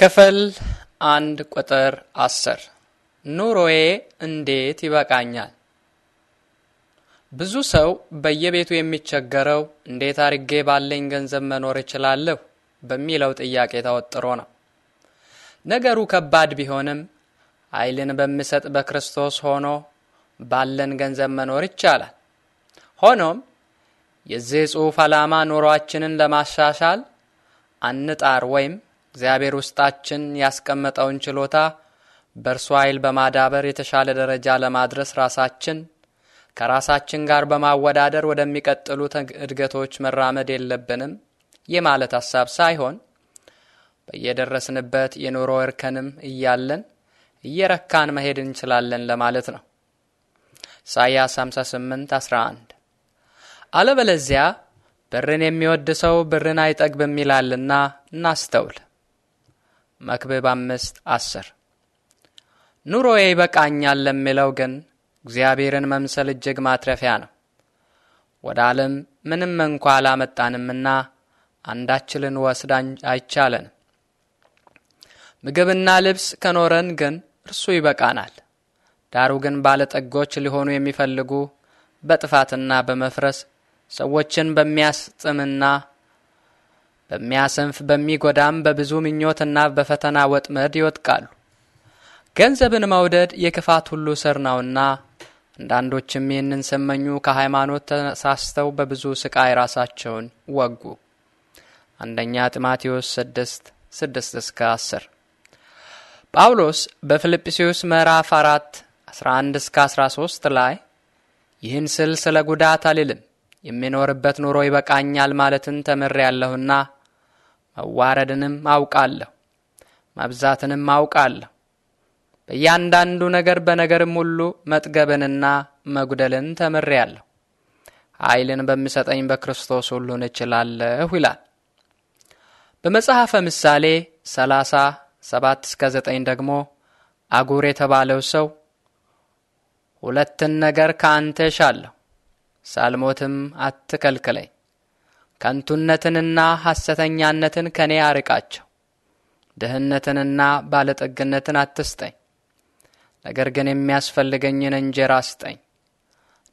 ክፍል አንድ ቁጥር አስር ኑሮዬ እንዴት ይበቃኛል። ብዙ ሰው በየቤቱ የሚቸገረው እንዴት አርጌ ባለኝ ገንዘብ መኖር እችላለሁ በሚለው ጥያቄ ተወጥሮ ነው። ነገሩ ከባድ ቢሆንም ኃይልን በሚሰጥ በክርስቶስ ሆኖ ባለን ገንዘብ መኖር ይቻላል። ሆኖም የዚህ ጽሑፍ ዓላማ ኑሯችንን ለማሻሻል አንጣር ወይም እግዚአብሔር ውስጣችን ያስቀመጠውን ችሎታ በእርሱ ኃይል በማዳበር የተሻለ ደረጃ ለማድረስ ራሳችን ከራሳችን ጋር በማወዳደር ወደሚቀጥሉት እድገቶች መራመድ የለብንም። ይህ ማለት ሐሳብ ሳይሆን በየደረስንበት የኑሮ እርከንም እያለን እየረካን መሄድ እንችላለን ለማለት ነው። ኢሳይያስ 58 11 አለበለዚያ ብርን የሚወድ ሰው ብርን አይጠግብም ይላልና እናስተውል። መክብብ አምስት አስር ኑሮዬ ይበቃኛል ለሚለው ግን እግዚአብሔርን መምሰል እጅግ ማትረፊያ ነው። ወደ ዓለም ምንም እንኳ አላመጣንምና አንዳች ልንወስድ አይቻለንም። ምግብና ልብስ ከኖረን ግን እርሱ ይበቃናል። ዳሩ ግን ባለጠጎች ሊሆኑ የሚፈልጉ በጥፋትና በመፍረስ ሰዎችን በሚያስጥምና በሚያሰንፍ በሚጎዳም በብዙ ምኞትና በፈተና ወጥመድ ይወድቃሉ። ገንዘብን መውደድ የክፋት ሁሉ ስር ነውና አንዳንዶችም ይህንን ሰመኙ ከሃይማኖት ተሳስተው በብዙ ስቃይ ራሳቸውን ወጉ። አንደኛ ጢማቴዎስ ስድስት ስድስት እስከ አስር ጳውሎስ በፊልጵስዩስ ምዕራፍ አራት አስራ አንድ እስከ አስራ ሶስት ላይ ይህን ስል ስለ ጉዳት አልልም የሚኖርበት ኑሮ ይበቃኛል ማለትን ተምሬ ያለሁና መዋረድንም አውቃለሁ፣ መብዛትንም አውቃለሁ። በእያንዳንዱ ነገር በነገርም ሁሉ መጥገብንና መጉደልን ተምሬያለሁ። ኃይልን በሚሰጠኝ በክርስቶስ ሁሉን እችላለሁ ይላል። በመጽሐፈ ምሳሌ 30 7 እስከ 9 ደግሞ አጉር የተባለው ሰው ሁለትን ነገር ከአንተ እሻለሁ ሳልሞትም አትከልክለኝ ከንቱነትንና ሐሰተኛነትን ከኔ አርቃቸው። ድህነትንና ባለጠግነትን አትስጠኝ፣ ነገር ግን የሚያስፈልገኝን እንጀራ ስጠኝ፣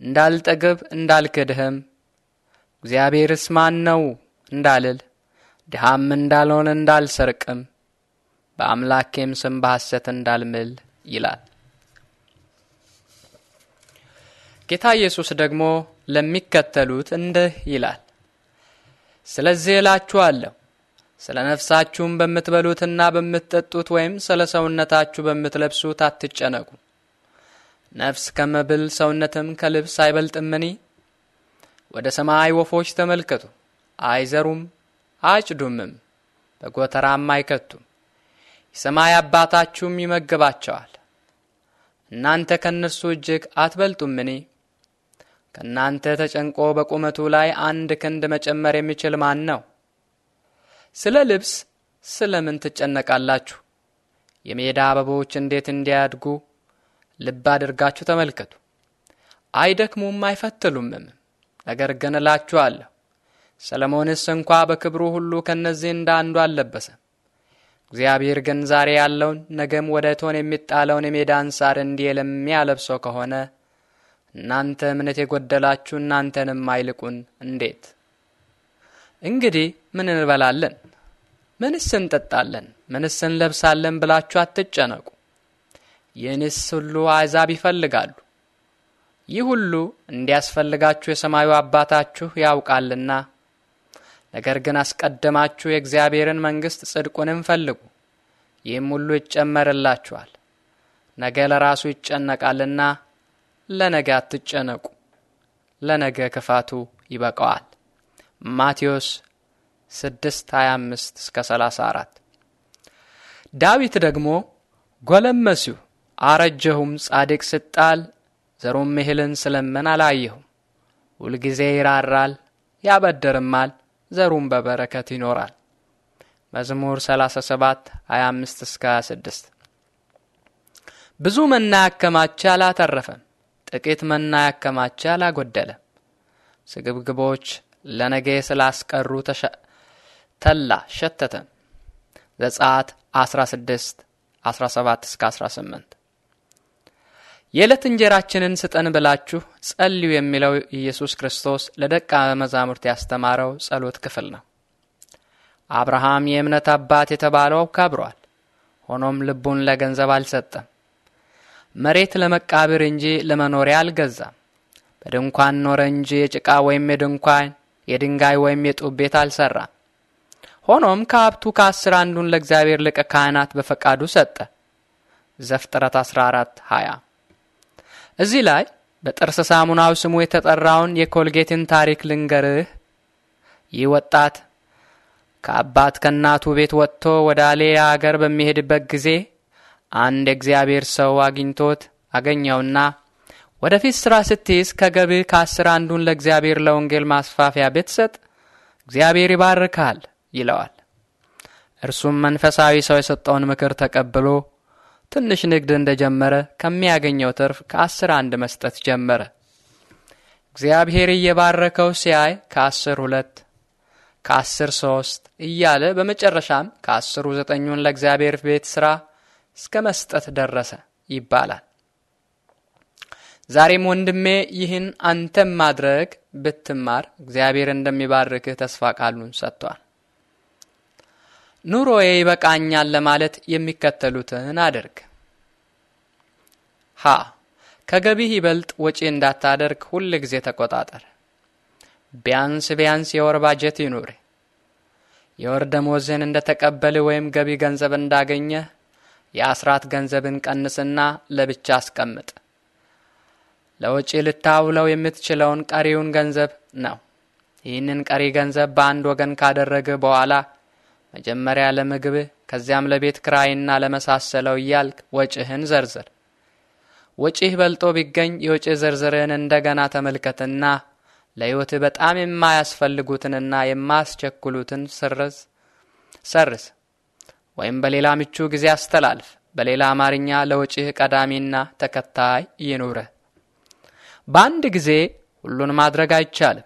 እንዳልጠግብ እንዳልክድህም እግዚአብሔርስ ማን ነው እንዳልል ድሃም እንዳልሆን እንዳልሰርቅም በአምላኬም ስም በሐሰት እንዳልምል ይላል። ጌታ ኢየሱስ ደግሞ ለሚከተሉት እንዲህ ይላል ስለዚህ እላችኋለሁ ስለ ነፍሳችሁም በምትበሉትና በምትጠጡት ወይም ስለ ሰውነታችሁ በምትለብሱት አትጨነቁ። ነፍስ ከመብል ሰውነትም ከልብስ አይበልጥምኒ? ወደ ሰማይ ወፎች ተመልከቱ። አይዘሩም፣ አጭዱምም፣ በጎተራም አይከቱም፣ የሰማይ አባታችሁም ይመግባቸዋል። እናንተ ከእነርሱ እጅግ አትበልጡምኒ? ከእናንተ ተጨንቆ በቁመቱ ላይ አንድ ክንድ መጨመር የሚችል ማን ነው? ስለ ልብስ ስለ ምን ትጨነቃላችሁ? የሜዳ አበቦች እንዴት እንዲያድጉ ልብ አድርጋችሁ ተመልከቱ። አይደክሙም አይፈትሉምም። ነገር ግን እላችኋለሁ ሰለሞንስ እንኳ በክብሩ ሁሉ ከእነዚህ እንደ አንዱ አልለበሰም። እግዚአብሔር ግን ዛሬ ያለውን ነገም ወደ እቶን የሚጣለውን የሜዳ አንሳር እንዲህ የሚያለብሰው ከሆነ እናንተ እምነት የጎደላችሁ እናንተንም አይልቁን እንዴት? እንግዲህ ምን እንበላለን? ምንስ እንጠጣለን? ምንስ እንለብሳለን ብላችሁ አትጨነቁ። ይህንስ ሁሉ አሕዛብ ይፈልጋሉ። ይህ ሁሉ እንዲያስፈልጋችሁ የሰማዩ አባታችሁ ያውቃልና። ነገር ግን አስቀድማችሁ የእግዚአብሔርን መንግሥት ጽድቁንም ፈልጉ፣ ይህም ሁሉ ይጨመርላችኋል። ነገ ለራሱ ይጨነቃልና ለነገ አትጨነቁ፣ ለነገ ክፋቱ ይበቃዋል። ማቴዎስ 6 25 እስከ 34 ዳዊት ደግሞ ጎለመሲሁ አረጀሁም፣ ጻድቅ ስጣል ዘሩም እህልን ስለምን አላየሁም። ሁልጊዜ ይራራል ያበደርማል ዘሩም በበረከት ይኖራል። መዝሙር 37 25 እስከ 26 ብዙ መና ያከማቸ አላተረፈም ጥቂት መና ያከማቸ አላጎደለም። ስግብግቦች ለነገ ስላስቀሩ ተላ ሸተተ። ዘጸአት 16 17 እስከ 18 የዕለት እንጀራችንን ስጠን ብላችሁ ጸልዩ የሚለው ኢየሱስ ክርስቶስ ለደቀ መዛሙርት ያስተማረው ጸሎት ክፍል ነው። አብርሃም የእምነት አባት የተባለው አውካብሯል። ሆኖም ልቡን ለገንዘብ አልሰጠም። መሬት ለመቃብር እንጂ ለመኖሪያ አልገዛም። በድንኳን ኖረ እንጂ የጭቃ ወይም የድንኳን የድንጋይ ወይም የጡብ ቤት አልሰራም። ሆኖም ከሀብቱ ከአስር አንዱን ለእግዚአብሔር ሊቀ ካህናት በፈቃዱ ሰጠ። ዘፍጥረት 14 20 እዚህ ላይ በጥርስ ሳሙናው ስሙ የተጠራውን የኮልጌትን ታሪክ ልንገርህ። ይህ ወጣት ከአባት ከእናቱ ቤት ወጥቶ ወደ አሌያ አገር በሚሄድበት ጊዜ አንድ የእግዚአብሔር ሰው አግኝቶት አገኘውና ወደፊት ሥራ ስትይዝ ከገብህ ከአስር አንዱን ለእግዚአብሔር ለወንጌል ማስፋፊያ ብትሰጥ እግዚአብሔር ይባርካል ይለዋል። እርሱም መንፈሳዊ ሰው የሰጠውን ምክር ተቀብሎ ትንሽ ንግድ እንደጀመረ ከሚያገኘው ትርፍ ከአስር አንድ መስጠት ጀመረ። እግዚአብሔር እየባረከው ሲያይ ከአስር ሁለት፣ ከአስር ሶስት እያለ በመጨረሻም ከአስሩ ዘጠኙን ለእግዚአብሔር ቤት ሥራ እስከ መስጠት ደረሰ ይባላል። ዛሬም ወንድሜ ይህን አንተም ማድረግ ብትማር እግዚአብሔር እንደሚባርክህ ተስፋ ቃሉን ሰጥቷል። ኑሮዬ ይበቃኛል ለማለት የሚከተሉትን አድርግ። ሀ ከገቢህ ይበልጥ ወጪ እንዳታደርግ ሁል ጊዜ ተቆጣጠር። ቢያንስ ቢያንስ የወር ባጀት ይኑር። የወር ደሞዝህን ተቀበልህ ወይም ገቢ ገንዘብ እንዳገኘህ የአስራት ገንዘብን ቀንስና ለብቻ አስቀምጥ። ለውጪ ልታውለው የምትችለውን ቀሪውን ገንዘብ ነው። ይህንን ቀሪ ገንዘብ በአንድ ወገን ካደረገ በኋላ መጀመሪያ ለምግብ ከዚያም ለቤት ክራይና ለመሳሰለው እያልክ ወጪህን ዘርዝር። ወጪህ በልጦ ቢገኝ የወጪ ዝርዝርህን እንደገና ተመልከትና ለሕይወትህ በጣም የማያስፈልጉትንና የማያስቸኩሉትን ስርዝ ሰርስ ወይም በሌላ ምቹ ጊዜ አስተላልፍ። በሌላ አማርኛ ለውጭህ ቀዳሚና ተከታይ ይኑርህ። በአንድ ጊዜ ሁሉን ማድረግ አይቻልም።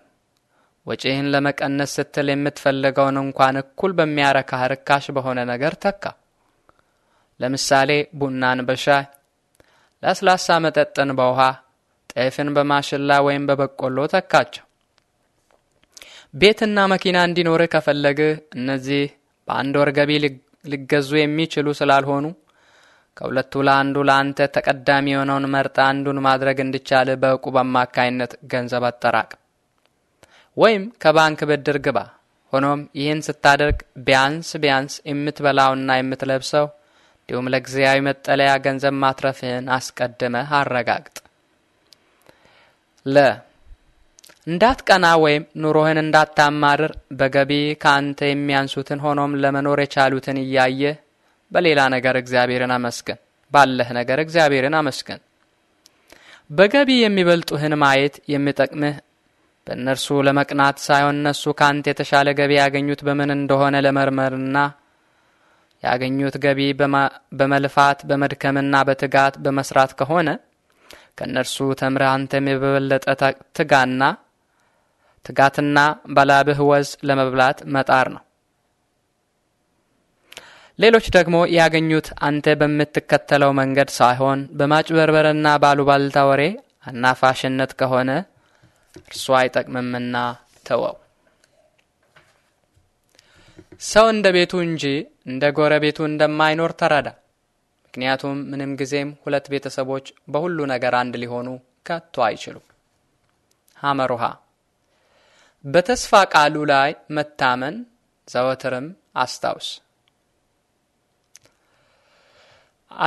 ወጪህን ለመቀነስ ስትል የምትፈልገውን እንኳን እኩል በሚያረካህ ርካሽ በሆነ ነገር ተካ። ለምሳሌ ቡናን በሻይ፣ ለስላሳ መጠጥን በውሃ፣ ጤፍን በማሽላ ወይም በበቆሎ ተካቸው። ቤትና መኪና እንዲኖርህ ከፈለግህ እነዚህ በአንድ ወር ገቢ ሊገዙ የሚችሉ ስላልሆኑ ከሁለቱ ለአንዱ ለአንተ ተቀዳሚ የሆነውን መርጥ አንዱን ማድረግ እንዲቻል በእቁብ አማካይነት ገንዘብ አጠራቅ ወይም ከባንክ ብድር ግባ። ሆኖም ይህን ስታደርግ ቢያንስ ቢያንስ የምትበላውና የምትለብሰው እንዲሁም ለጊዜያዊ መጠለያ ገንዘብ ማትረፍህን አስቀድመህ አረጋግጥ ለ እንዳትቀና ወይም ኑሮህን እንዳታማርር በገቢ ከአንተ የሚያንሱትን ሆኖም ለመኖር የቻሉትን እያየ በሌላ ነገር እግዚአብሔርን አመስግን። ባለህ ነገር እግዚአብሔርን አመስግን። በገቢ የሚበልጡህን ማየት የሚጠቅምህ በእነርሱ ለመቅናት ሳይሆን እነሱ ከአንተ የተሻለ ገቢ ያገኙት በምን እንደሆነ ለመርመርና ያገኙት ገቢ በመልፋት በመድከምና በትጋት በመስራት ከሆነ ከእነርሱ ተምረህ አንተም የበለጠ ትጋና ትጋትና በላብህ ወዝ ለመብላት መጣር ነው። ሌሎች ደግሞ ያገኙት አንተ በምትከተለው መንገድ ሳይሆን በማጭበርበርና ባሉባልታ ወሬ አናፋሽነት ከሆነ እርሱ አይጠቅምምና ተወው። ሰው እንደ ቤቱ እንጂ እንደ ጎረቤቱ እንደማይኖር ተረዳ። ምክንያቱም ምንም ጊዜም ሁለት ቤተሰቦች በሁሉ ነገር አንድ ሊሆኑ ከቶ አይችሉም። ሐመሩሃ በተስፋ ቃሉ ላይ መታመን ዘወትርም አስታውስ።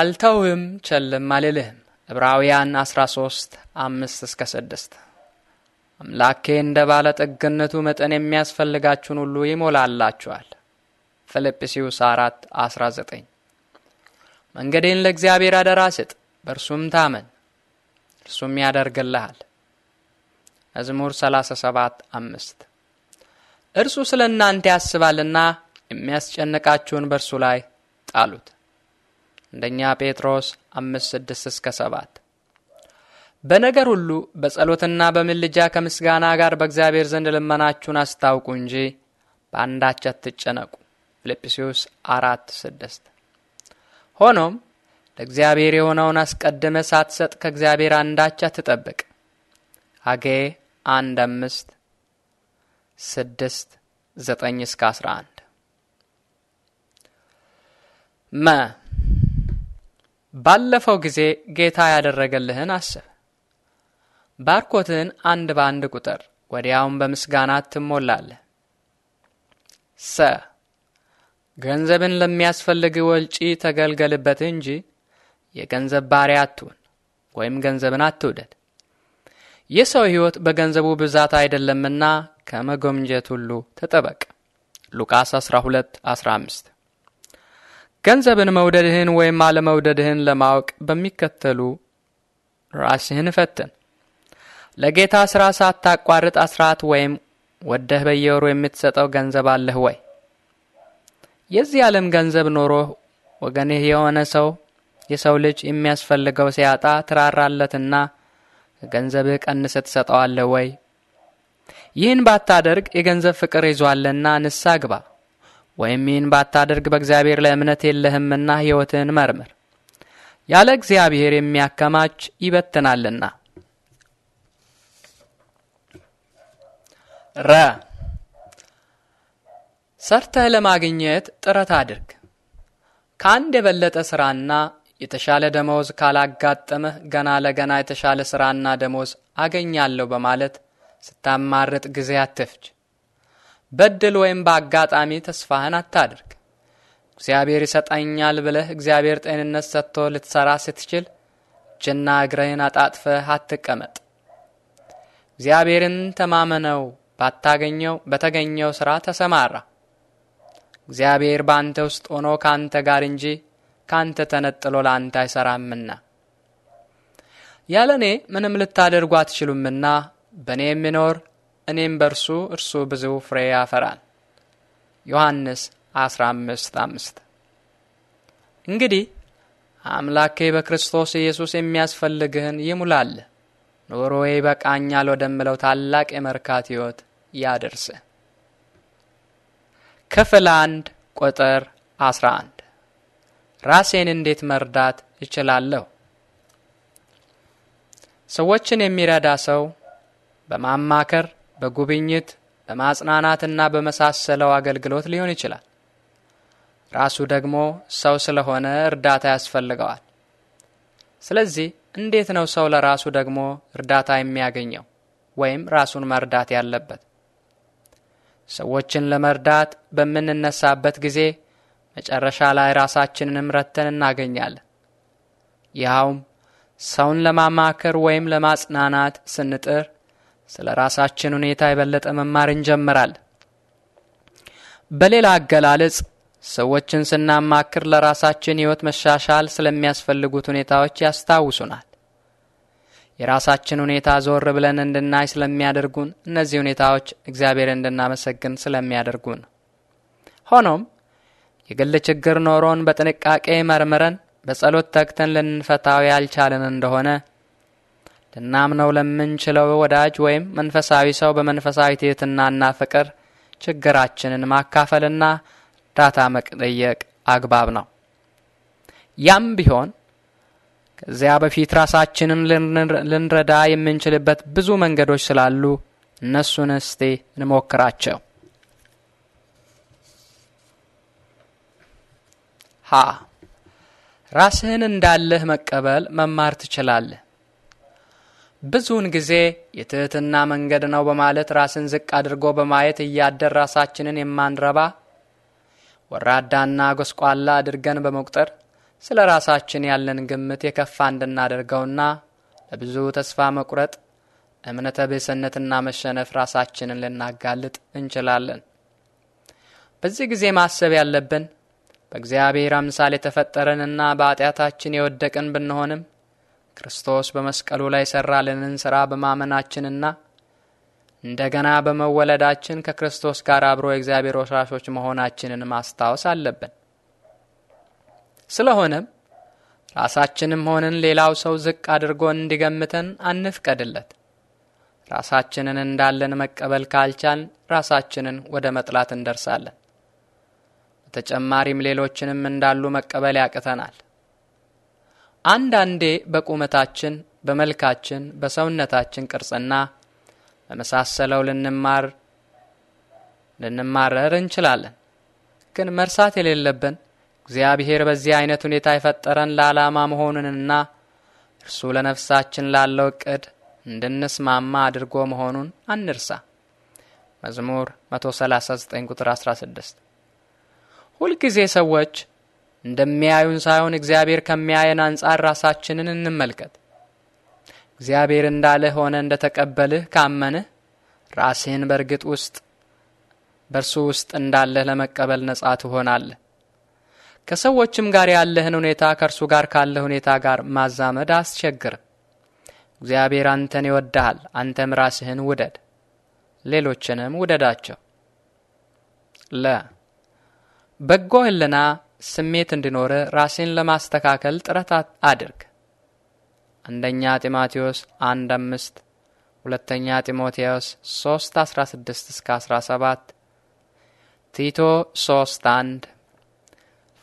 አልተውህም ቸልም አልልህም። ዕብራውያን 13 አምስት እስከ ስድስት አምላኬ እንደ ባለ ጠግነቱ መጠን የሚያስፈልጋችሁን ሁሉ ይሞላላችኋል። ፊልጵስዩስ 4 19 መንገዴን ለእግዚአብሔር አደራ ስጥ፣ በእርሱም ታመን፣ እርሱም ያደርግልሃል። መዝሙር 37 5 እርሱ ስለ እናንተ ያስባልና የሚያስጨንቃችሁን በእርሱ ላይ ጣሉት። አንደኛ ጴጥሮስ 5 6 እስከ 7 በነገር ሁሉ በጸሎትና በምልጃ ከምስጋና ጋር በእግዚአብሔር ዘንድ ልመናችሁን አስታውቁ እንጂ በአንዳች አትጨነቁ። ፊልጵስዩስ 4 6 ሆኖም ለእግዚአብሔር የሆነውን አስቀድመ ሳትሰጥ ከእግዚአብሔር አንዳች አትጠብቅ። አጌ አንድ አምስት ስድስት ዘጠኝ እስከ አስራ አንድ መ ባለፈው ጊዜ ጌታ ያደረገልህን አስብ። ባርኮትህን አንድ በአንድ ቁጥር ወዲያውን በምስጋና ትሞላለህ። ሰ ገንዘብን ለሚያስፈልግ ወልጪ ተገልገልበት እንጂ የገንዘብ ባሪያ አትሁን፣ ወይም ገንዘብን አትውደድ። የሰው ሕይወት በገንዘቡ ብዛት አይደለምና ከመጎምጀት ሁሉ ተጠበቅ። ሉቃስ 12 15 ገንዘብን መውደድህን ወይም አለመውደድህን ለማወቅ በሚከተሉ ራስህን ፈትን። ለጌታ ሥራ ሳታቋርጥ አስራት ወይም ወደህ በየወሩ የምትሰጠው ገንዘብ አለህ ወይ? የዚህ ዓለም ገንዘብ ኖሮህ ወገንህ የሆነ ሰው የሰው ልጅ የሚያስፈልገው ሲያጣ ትራራለትና ከገንዘብህ ቀንሰ ትሰጠዋለህ ወይ? ይህን ባታደርግ የገንዘብ ፍቅር ይዟልና ንሳ ግባ። ወይም ይህን ባታደርግ በእግዚአብሔር ለእምነት የለህምና ሕይወትህን መርምር። ያለ እግዚአብሔር የሚያከማች ይበትናልና። ረ ሰርተህ ለማግኘት ጥረት አድርግ። ከአንድ የበለጠ ሥራና የተሻለ ደመወዝ ካላጋጠመህ ገና ለገና የተሻለ ሥራና ደመወዝ አገኛለሁ በማለት ስታማርጥ ጊዜ አትፍጅ። በድል ወይም በአጋጣሚ ተስፋህን አታድርግ። እግዚአብሔር ይሰጠኛል ብለህ እግዚአብሔር ጤንነት ሰጥቶ ልትሠራ ስትችል እጅና እግረህን አጣጥፈህ አትቀመጥ። እግዚአብሔርን ተማመነው። ባታገኘው በተገኘው ሥራ ተሰማራ። እግዚአብሔር በአንተ ውስጥ ሆኖ ከአንተ ጋር እንጂ ካንተ ተነጥሎ ለአንተ አይሰራምና ያለ እኔ ምንም ልታደርጉ አትችሉምና በእኔ የሚኖር እኔም በእርሱ እርሱ ብዙ ፍሬ ያፈራል። ዮሐንስ 15 5 እንግዲህ አምላኬ በክርስቶስ ኢየሱስ የሚያስፈልግህን ይሙላል ኑሮዬ ይበቃኛል ወደምለው ታላቅ የመርካት ሕይወት ያደርስ። ክፍል አንድ ቁጥር 11 ራሴን እንዴት መርዳት እችላለሁ? ሰዎችን የሚረዳ ሰው በማማከር በጉብኝት በማጽናናትና በመሳሰለው አገልግሎት ሊሆን ይችላል። ራሱ ደግሞ ሰው ስለሆነ እርዳታ ያስፈልገዋል። ስለዚህ እንዴት ነው ሰው ለራሱ ደግሞ እርዳታ የሚያገኘው ወይም ራሱን መርዳት ያለበት? ሰዎችን ለመርዳት በምንነሳበት ጊዜ መጨረሻ ላይ ራሳችንንም ረተን እናገኛለን። ያውም ሰውን ለማማከር ወይም ለማጽናናት ስንጥር ስለ ራሳችን ሁኔታ የበለጠ መማር እንጀምራለን። በሌላ አገላለጽ ሰዎችን ስናማክር ለራሳችን ሕይወት መሻሻል ስለሚያስፈልጉት ሁኔታዎች ያስታውሱናል። የራሳችን ሁኔታ ዞር ብለን እንድናይ ስለሚያደርጉን እነዚህ ሁኔታዎች እግዚአብሔር እንድናመሰግን ስለሚያደርጉን ሆኖም የግል ችግር ኖሮን በጥንቃቄ መርምረን በጸሎት ተግተን ልንፈታው ያልቻለን እንደሆነ ልናምነው ለምንችለው ወዳጅ ወይም መንፈሳዊ ሰው በመንፈሳዊ ትህትናና ፍቅር ችግራችንን ማካፈልና እርዳታ መጠየቅ አግባብ ነው። ያም ቢሆን ከዚያ በፊት ራሳችንን ልንረዳ የምንችልበት ብዙ መንገዶች ስላሉ እነሱን እስቲ እንሞክራቸው። ሀ ራስህን እንዳለህ መቀበል መማር ትችላለህ። ብዙውን ጊዜ የትህትና መንገድ ነው በማለት ራስን ዝቅ አድርጎ በማየት እያደር ራሳችንን የማንረባ ወራዳና ጎስቋላ አድርገን በመቁጠር ስለ ራሳችን ያለን ግምት የከፋ እንድናደርገውና ለብዙ ተስፋ መቁረጥ፣ እምነተ ብስነትና መሸነፍ ራሳችንን ልናጋልጥ እንችላለን። በዚህ ጊዜ ማሰብ ያለብን በእግዚአብሔር አምሳል የተፈጠረንና በኃጢአታችን የወደቅን ብንሆንም ክርስቶስ በመስቀሉ ላይ ሠራልንን ሥራ በማመናችንና እንደገና በመወለዳችን ከክርስቶስ ጋር አብሮ የእግዚአብሔር ወራሾች መሆናችንን ማስታወስ አለብን። ስለሆነም ራሳችንም ሆንን ሌላው ሰው ዝቅ አድርጎ እንዲገምተን አንፍቀድለት። ራሳችንን እንዳለን መቀበል ካልቻልን ራሳችንን ወደ መጥላት እንደርሳለን። ተጨማሪም ሌሎችንም እንዳሉ መቀበል ያቅተናል። አንዳንዴ በቁመታችን፣ በመልካችን፣ በሰውነታችን ቅርጽና በመሳሰለው ልንማር ልንማረር እንችላለን። ግን መርሳት የሌለብን እግዚአብሔር በዚህ አይነት ሁኔታ የፈጠረን ለዓላማ መሆኑንና እርሱ ለነፍሳችን ላለው እቅድ እንድንስማማ አድርጎ መሆኑን አንርሳ። መዝሙር 139 ቁጥር 16 ሁልጊዜ ሰዎች እንደሚያዩን ሳይሆን እግዚአብሔር ከሚያየን አንጻር ራሳችንን እንመልከት። እግዚአብሔር እንዳለ ሆነ እንደ ተቀበልህ ካመንህ ራስህን በእርግጥ ውስጥ በእርሱ ውስጥ እንዳለህ ለመቀበል ነጻ ትሆናለህ። ከሰዎችም ጋር ያለህን ሁኔታ ከእርሱ ጋር ካለ ሁኔታ ጋር ማዛመድ አስቸግር። እግዚአብሔር አንተን ይወድሃል። አንተም ራስህን ውደድ፣ ሌሎችንም ውደዳቸው ለ በጎ ህልና ስሜት እንዲኖረ ራሴን ለማስተካከል ጥረት አድርግ። አንደኛ ጢሞቴዎስ አንድ አምስት ሁለተኛ ጢሞቴዎስ ሶስት አስራ ስድስት እስከ አስራ ሰባት ቲቶ ሶስት አንድ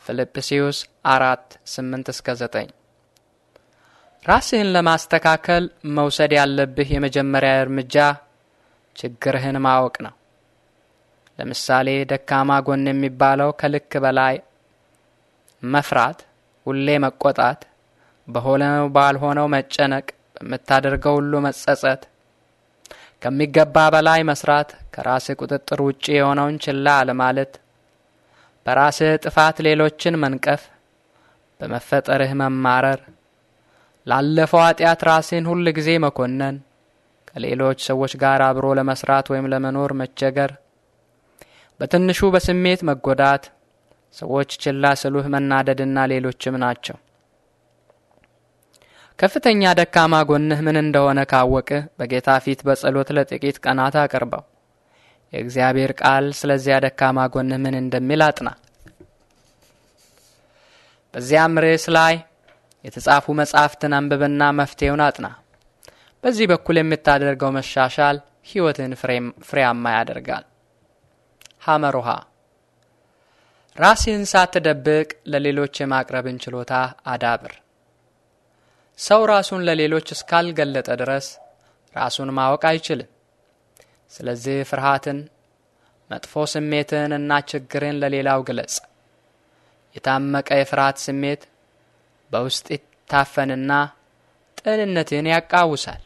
ፊልጵስዩስ አራት ስምንት እስከ ዘጠኝ ራስህን ለማስተካከል መውሰድ ያለብህ የመጀመሪያ እርምጃ ችግርህን ማወቅ ነው። ለምሳሌ ደካማ ጎን የሚባለው ከልክ በላይ መፍራት፣ ሁሌ መቆጣት፣ በሆነው ባልሆነው መጨነቅ፣ በምታደርገው ሁሉ መጸጸት፣ ከሚገባ በላይ መስራት፣ ከራስህ ቁጥጥር ውጪ የሆነውን ችላ አለማለት፣ በራስህ ጥፋት ሌሎችን መንቀፍ፣ በመፈጠርህ መማረር፣ ላለፈው ኃጢአት ራስህን ሁል ጊዜ መኮነን፣ ከሌሎች ሰዎች ጋር አብሮ ለመስራት ወይም ለመኖር መቸገር በትንሹ በስሜት መጎዳት፣ ሰዎች ችላ ስሉህ መናደድና ሌሎችም ናቸው። ከፍተኛ ደካማ ጎንህ ምን እንደሆነ ካወቅህ በጌታ ፊት በጸሎት ለጥቂት ቀናት አቅርበው። የእግዚአብሔር ቃል ስለዚያ ደካማ ጎንህ ምን እንደሚል አጥና። በዚያም ርዕስ ላይ የተጻፉ መጻሕፍትን አንብብና መፍትሄውን አጥና። በዚህ በኩል የምታደርገው መሻሻል ሕይወትን ፍሬያማ ያደርጋል። ሐመሮሃ ራስህን ሳትደብቅ ለሌሎች የማቅረብን ችሎታ አዳብር። ሰው ራሱን ለሌሎች እስካልገለጠ ድረስ ራሱን ማወቅ አይችልም። ስለዚህ ፍርሃትን፣ መጥፎ ስሜትን እና ችግርን ለሌላው ግለጽ። የታመቀ የፍርሃት ስሜት በውስጥ ይታፈንና ጥንነትን ያቃውሳል።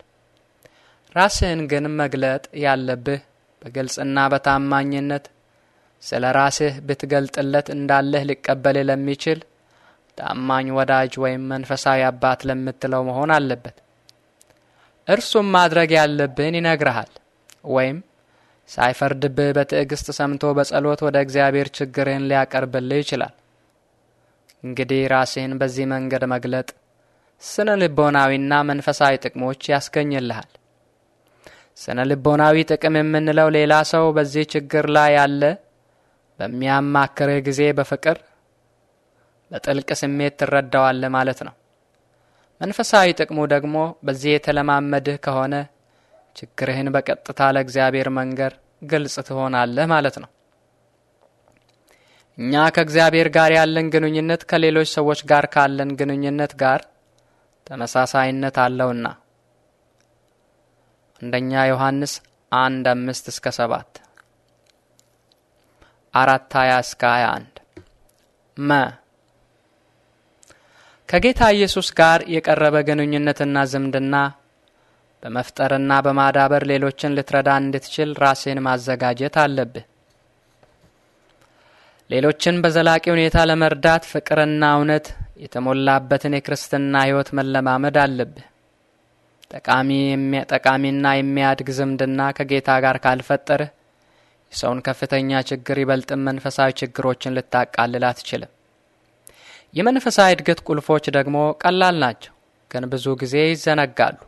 ራስህን ግን መግለጥ ያለብህ በግልጽና በታማኝነት ስለ ራስህ ብትገልጥለት እንዳለህ ሊቀበልህ ለሚችል ታማኝ ወዳጅ ወይም መንፈሳዊ አባት ለምትለው መሆን አለበት። እርሱም ማድረግ ያለብህን ይነግርሃል ወይም ሳይፈርድብህ በትዕግስት ሰምቶ በጸሎት ወደ እግዚአብሔር ችግርህን ሊያቀርብልህ ይችላል። እንግዲህ ራስህን በዚህ መንገድ መግለጥ ስነ ልቦናዊና መንፈሳዊ ጥቅሞች ያስገኝልሃል። ስነ ልቦናዊ ጥቅም የምንለው ሌላ ሰው በዚህ ችግር ላይ ያለ በሚያማክርህ ጊዜ በፍቅር በጥልቅ ስሜት ትረዳዋለህ ማለት ነው። መንፈሳዊ ጥቅሙ ደግሞ በዚህ የተለማመድህ ከሆነ ችግርህን በቀጥታ ለእግዚአብሔር መንገር ግልጽ ትሆናለህ ማለት ነው። እኛ ከእግዚአብሔር ጋር ያለን ግንኙነት ከሌሎች ሰዎች ጋር ካለን ግንኙነት ጋር ተመሳሳይነት አለውና አንደኛ ዮሐንስ አንድ አምስት እስከ ሰባት አራት 20 እስከ 21 መ ከጌታ ኢየሱስ ጋር የቀረበ ግንኙነትና ዝምድና በመፍጠርና በማዳበር ሌሎችን ልትረዳ እንድትችል ራሴን ማዘጋጀት አለብህ። ሌሎችን በዘላቂ ሁኔታ ለመርዳት ፍቅርና እውነት የተሞላበትን የክርስትና ሕይወት መለማመድ አለብህ። ጠቃሚና የሚያድግ ዝምድና ከጌታ ጋር ካልፈጠርህ የሰውን ከፍተኛ ችግር ይበልጥም መንፈሳዊ ችግሮችን ልታቃልል አትችልም። የመንፈሳዊ እድገት ቁልፎች ደግሞ ቀላል ናቸው፣ ግን ብዙ ጊዜ ይዘነጋሉ።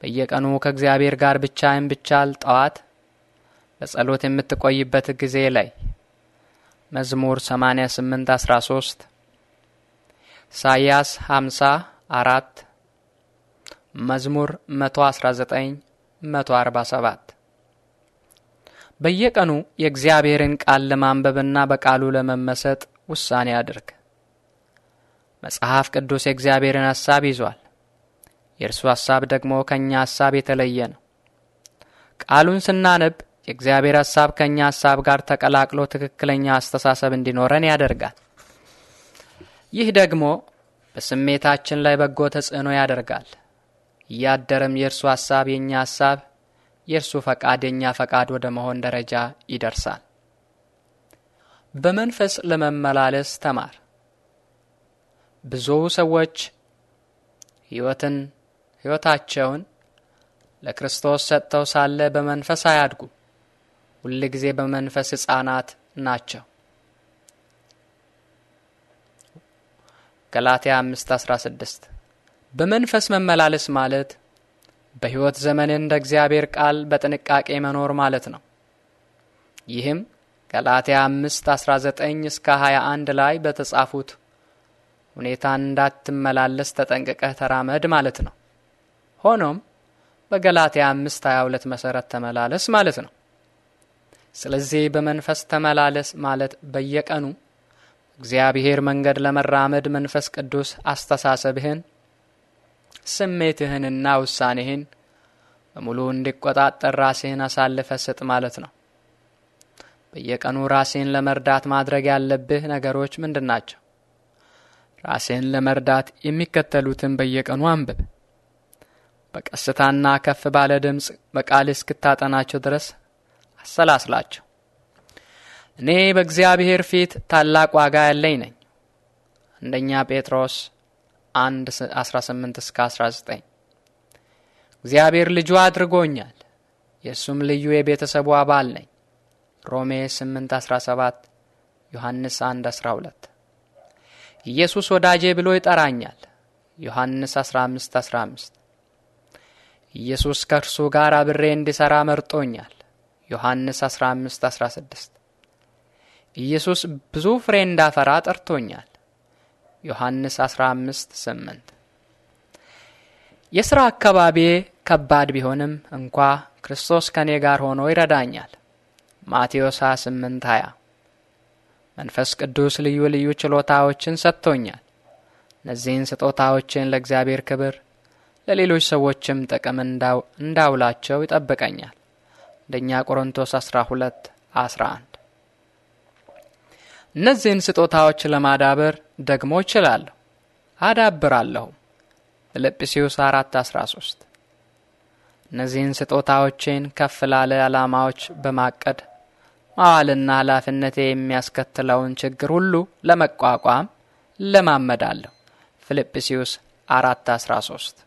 በየቀኑ ከእግዚአብሔር ጋር ብቻህን ብቻል ጠዋት በጸሎት የምትቆይበት ጊዜ ላይ መዝሙር 88 13 ኢሳይያስ 50 አራት መዝሙር 119 147 በየቀኑ የእግዚአብሔርን ቃል ለማንበብና በቃሉ ለመመሰጥ ውሳኔ አድርግ። መጽሐፍ ቅዱስ የእግዚአብሔርን ሐሳብ ይዟል። የእርሱ ሐሳብ ደግሞ ከእኛ ሐሳብ የተለየ ነው። ቃሉን ስናነብ የእግዚአብሔር ሐሳብ ከእኛ ሐሳብ ጋር ተቀላቅሎ ትክክለኛ አስተሳሰብ እንዲኖረን ያደርጋል። ይህ ደግሞ በስሜታችን ላይ በጎ ተጽዕኖ ያደርጋል። እያደረም የእርሱ ሐሳብ የእኛ ሐሳብ የእርሱ ፈቃድ የእኛ ፈቃድ ወደ መሆን ደረጃ ይደርሳል። በመንፈስ ለመመላለስ ተማር። ብዙ ሰዎች ሕይወትን ሕይወታቸውን ለክርስቶስ ሰጥተው ሳለ በመንፈስ አያድጉ፣ ሁል ጊዜ በመንፈስ ሕፃናት ናቸው። ገላትያ 5፥16 በመንፈስ መመላለስ ማለት በሕይወት ዘመን እንደ እግዚአብሔር ቃል በጥንቃቄ መኖር ማለት ነው። ይህም ገላትያ 5 19 እስከ 21 ላይ በተጻፉት ሁኔታ እንዳትመላለስ ተጠንቅቀህ ተራመድ ማለት ነው። ሆኖም በገላትያ 5 22 መሠረት ተመላለስ ማለት ነው። ስለዚህ በመንፈስ ተመላለስ ማለት በየቀኑ እግዚአብሔር መንገድ ለመራመድ መንፈስ ቅዱስ አስተሳሰብህን ስሜትህንና ውሳኔህን በሙሉ እንዲቆጣጠር ራስህን አሳልፈ ስጥ ማለት ነው። በየቀኑ ራሴን ለመርዳት ማድረግ ያለብህ ነገሮች ምንድን ናቸው? ራሴን ለመርዳት የሚከተሉትን በየቀኑ አንብብ። በቀስታና ከፍ ባለ ድምፅ በቃል እስክታጠናቸው ድረስ አሰላስላቸው። እኔ በእግዚአብሔር ፊት ታላቅ ዋጋ ያለኝ ነኝ። አንደኛ ጴጥሮስ 1 18 እስከ 19 እግዚአብሔር ልጁ አድርጎኛል፣ የእሱም ልዩ የቤተሰቡ አባል ነኝ። ሮሜ 8 17 ዮሐንስ 1 12 ኢየሱስ ወዳጄ ብሎ ይጠራኛል። ዮሐንስ 15 15 ኢየሱስ ከእርሱ ጋር አብሬ እንዲሠራ መርጦኛል። ዮሐንስ 15 16 ኢየሱስ ብዙ ፍሬ እንዳፈራ ጠርቶኛል። ዮሐንስ 15 8 የሥራ አካባቢዬ ከባድ ቢሆንም እንኳ ክርስቶስ ከእኔ ጋር ሆኖ ይረዳኛል። ማቴዎስ 28 20 መንፈስ ቅዱስ ልዩ ልዩ ችሎታዎችን ሰጥቶኛል። እነዚህን ስጦታዎችን ለእግዚአብሔር ክብር ለሌሎች ሰዎችም ጥቅም እንዳውላቸው ይጠብቀኛል። አንደኛ ቆሮንቶስ 12 11 እነዚህን ስጦታዎች ለማዳበር ደግሞ እችላለሁ አዳብራለሁ። ፊልጵስዩስ 4:13 እነዚህን ስጦታዎቼን ከፍ ላለ ዓላማዎች በማቀድ ማዋልና ኃላፊነቴ የሚያስከትለውን ችግር ሁሉ ለመቋቋም ለማመዳለሁ። ፊልጵስዩስ 13